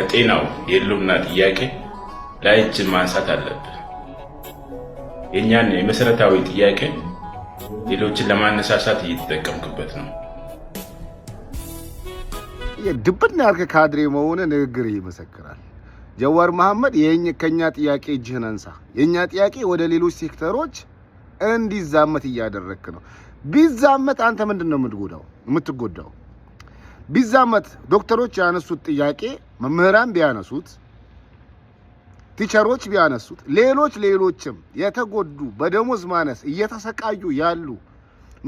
ከጤናው የህልውና ጥያቄ ላይ እጅን ማንሳት አለብን። የእኛን የመሰረታዊ ጥያቄ ሌሎችን ለማነሳሳት እየተጠቀምክበት ነው። ድብን ያልክ ካድሬ መሆነ ንግግር ይመሰክራል። ጀዋር መሐመድ ከእኛ ጥያቄ እጅህን አንሳ። የእኛ ጥያቄ ወደ ሌሎች ሴክተሮች እንዲዛመት እያደረግክ ነው። ቢዛመት አንተ ምንድን ነው የምትጎዳው? ቢዛመት ዶክተሮች ያነሱት ጥያቄ መምህራን ቢያነሱት፣ ቲቸሮች ቢያነሱት፣ ሌሎች ሌሎችም የተጎዱ በደሞዝ ማነስ እየተሰቃዩ ያሉ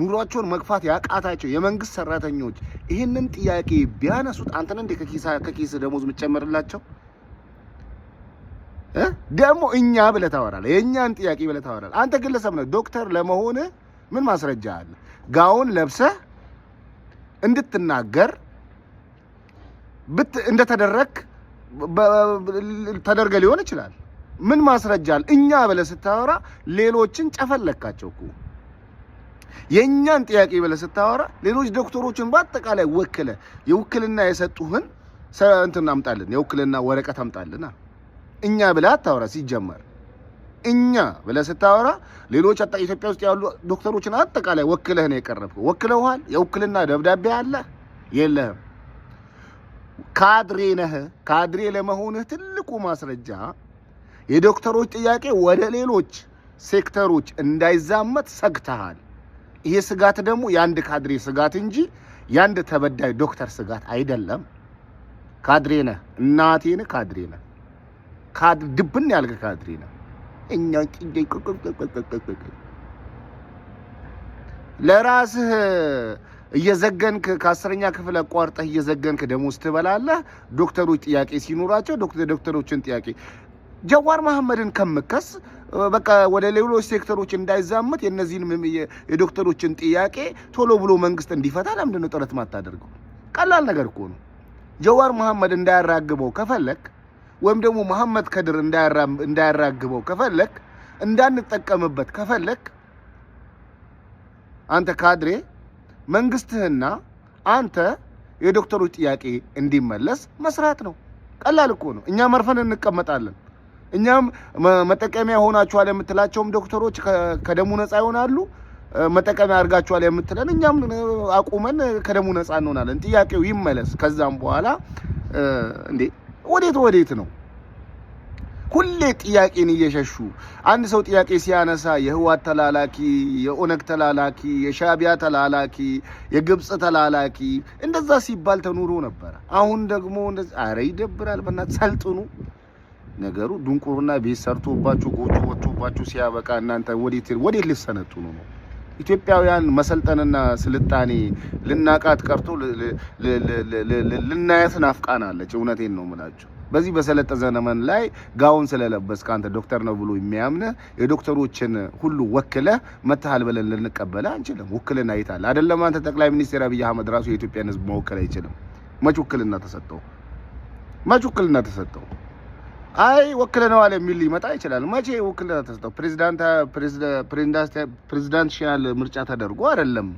ኑሯቸውን መግፋት ያቃታቸው የመንግስት ሰራተኞች ይህንን ጥያቄ ቢያነሱት አንተን እንዴ ከኪስ ደሞዝ የምትጨምርላቸው ደግሞ እኛ ብለህ ታወራለህ። የእኛን ጥያቄ ብለህ ታወራለህ። አንተ ግለሰብ ነህ። ዶክተር ለመሆን ምን ማስረጃ አለ? ጋውን ለብሰህ እንድትናገር እንደተደረግ ተደርገ ሊሆን ይችላል። ምን ማስረጃል? እኛ ብለህ ስታወራ ሌሎችን ጨፈለካቸው እኮ የእኛን ጥያቄ ብለህ ስታወራ ሌሎች ዶክተሮችን በአጠቃላይ ወክለ የውክልና የሰጡህን እንትን አምጣልን፣ የውክልና ወረቀት አምጣልና እኛ ብለህ አታወራ። ሲጀመር እኛ ብለህ ስታወራ ሌሎች ኢትዮጵያ ውስጥ ያሉ ዶክተሮችን አጠቃላይ ወክለህ ነው የቀረብከው። ወክለውሃል? የውክልና ደብዳቤ አለ የለህም? ካድሬ ነህ። ካድሬ ለመሆንህ ትልቁ ማስረጃ የዶክተሮች ጥያቄ ወደ ሌሎች ሴክተሮች እንዳይዛመት ሰግተሃል። ይሄ ስጋት ደግሞ የአንድ ካድሬ ስጋት እንጂ የአንድ ተበዳይ ዶክተር ስጋት አይደለም። ካድሬ ነህ፣ እናቴን ካድሬ ነህ፣ ድብን ያልከ ካድሬ ነህ። እኛ ለራስህ እየዘገንክ ከአስረኛ ክፍል አቋርጠህ እየዘገንክ ደሞዝ ትበላለህ። ዶክተሮች ጥያቄ ሲኖራቸው ዶክተሮችን ጥያቄ ጀዋር መሐመድን ከምከስ በቃ ወደ ሌሎች ሴክተሮች እንዳይዛመት የነዚህን የዶክተሮችን ጥያቄ ቶሎ ብሎ መንግስት እንዲፈታ ለምንድን ነው ጥረት ማታደርገው? ቀላል ነገር እኮ ነው። ጀዋር መሐመድ እንዳያራግበው ከፈለክ ወይም ደግሞ መሐመድ ከድር እንዳያራግበው ከፈለክ እንዳንጠቀምበት ከፈለክ አንተ ካድሬ መንግስትህና አንተ የዶክተሮች ጥያቄ እንዲመለስ መስራት ነው። ቀላል እኮ ነው። እኛ መርፈን እንቀመጣለን። እኛም መጠቀሚያ ሆናችኋል የምትላቸውም ዶክተሮች ከደሙ ነፃ ይሆናሉ። መጠቀሚያ አድርጋችኋል የምትለን እኛም አቁመን ከደሙ ነፃ እንሆናለን። ጥያቄው ይመለስ። ከዛም በኋላ እንዴ ወዴት ወዴት ነው? ሁሌ ጥያቄን እየሸሹ አንድ ሰው ጥያቄ ሲያነሳ የህዋት ተላላኪ፣ የኦነግ ተላላኪ፣ የሻቢያ ተላላኪ፣ የግብፅ ተላላኪ እንደዛ ሲባል ተኑሮ ነበረ። አሁን ደግሞ አረ ይደብራል። በእናትህ ሰልጥኑ። ነገሩ ድንቁርና ቤት ሰርቶባችሁ ጎጆ ወጥቶባችሁ ሲያበቃ እናንተ ወዴት ወዴት ልሰነጥኑ ነው? ኢትዮጵያውያን መሰልጠንና ስልጣኔ ልናቃት ቀርቶ ልናያት ናፍቃናለች። እውነቴን ነው ምላቸው። በዚህ በሰለጠ ዘመን ላይ ጋውን ስለለበስክ አንተ ዶክተር ነው ብሎ የሚያምን የዶክተሮችን ሁሉ ወክለ መተሃል ብለን ልንቀበለ አንችልም። ውክልና አይታል አይደለም። አንተ ጠቅላይ ሚኒስትር አብይ አህመድ ራሱ የኢትዮጵያን ህዝብ መወከል አይችልም። መች ውክልና ተሰጠው? መች ውክልና ተሰጠው? አይ ወክለነዋል የሚል ሊመጣ ይችላል። መቼ ውክልና ተሰጠው? ፕሬዚዳንሻል ምርጫ ተደርጎ አይደለም።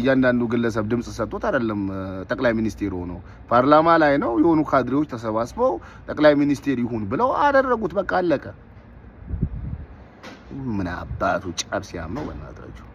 እያንዳንዱ ግለሰብ ድምፅ ሰጥቶት አይደለም። ጠቅላይ ሚኒስቴር ሆኖ ፓርላማ ላይ ነው የሆኑ ካድሬዎች ተሰባስበው ጠቅላይ ሚኒስቴር ይሁን ብለው አደረጉት። በቃ አለቀ። ምን አባቱ ጫብ ነው በእናታችሁ